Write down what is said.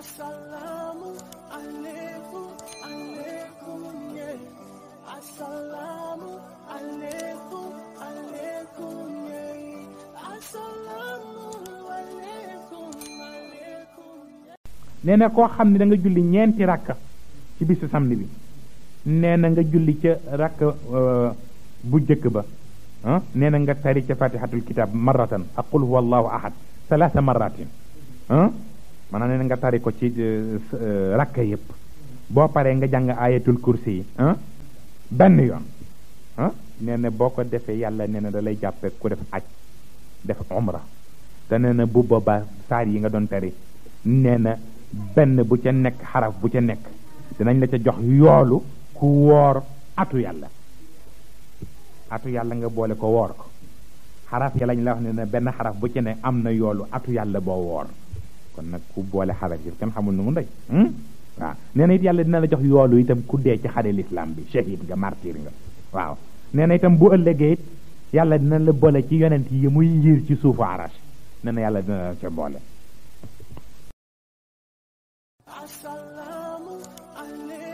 Assalamu alaikum alaikum ye Assalamu alaikum alaikum ye Assalamu alaikum alaikum ye. na ko xam ne da nga julli ñeenti rakka ci bisu samedi bi nee na nga julli ca rakk euh, bu jëkk ba ah, nee na nga tari ca fatihatul kitab marratan aqul huwa allahu ahad salasa marratin ah? maanaam nee nga tari ko ci euh, euh, rakk yépp boo paree nga jàng ayatul kursi yi benn yoon ah nee boo ko defee yàlla nee na da lay jàppe ku def aj def omra te nee na bu boobaa saar yi nga doon tari nee benn bu ca nekk xaraf bu ca nekk dinañ la ca jox yoolu ku woor atu yàlla atu yàlla nga boole ko woor ko xaraf ya lañ la wax ne benn xaraf bu ca ne am na yoolu atu yàlla boo woor nag ku boole xarak yi kenn xamul nu mu ndey waaw nee na it yàlla dina la jox yoolu itam ku dee ci xare l'islam bi shahid nga martyr nga waaw nee na itam bu ëllëgee it yàlla dina la boole ci yonent yi muy yiir ci suufu arash nee na yàlla dina la ca boole السلام عليكم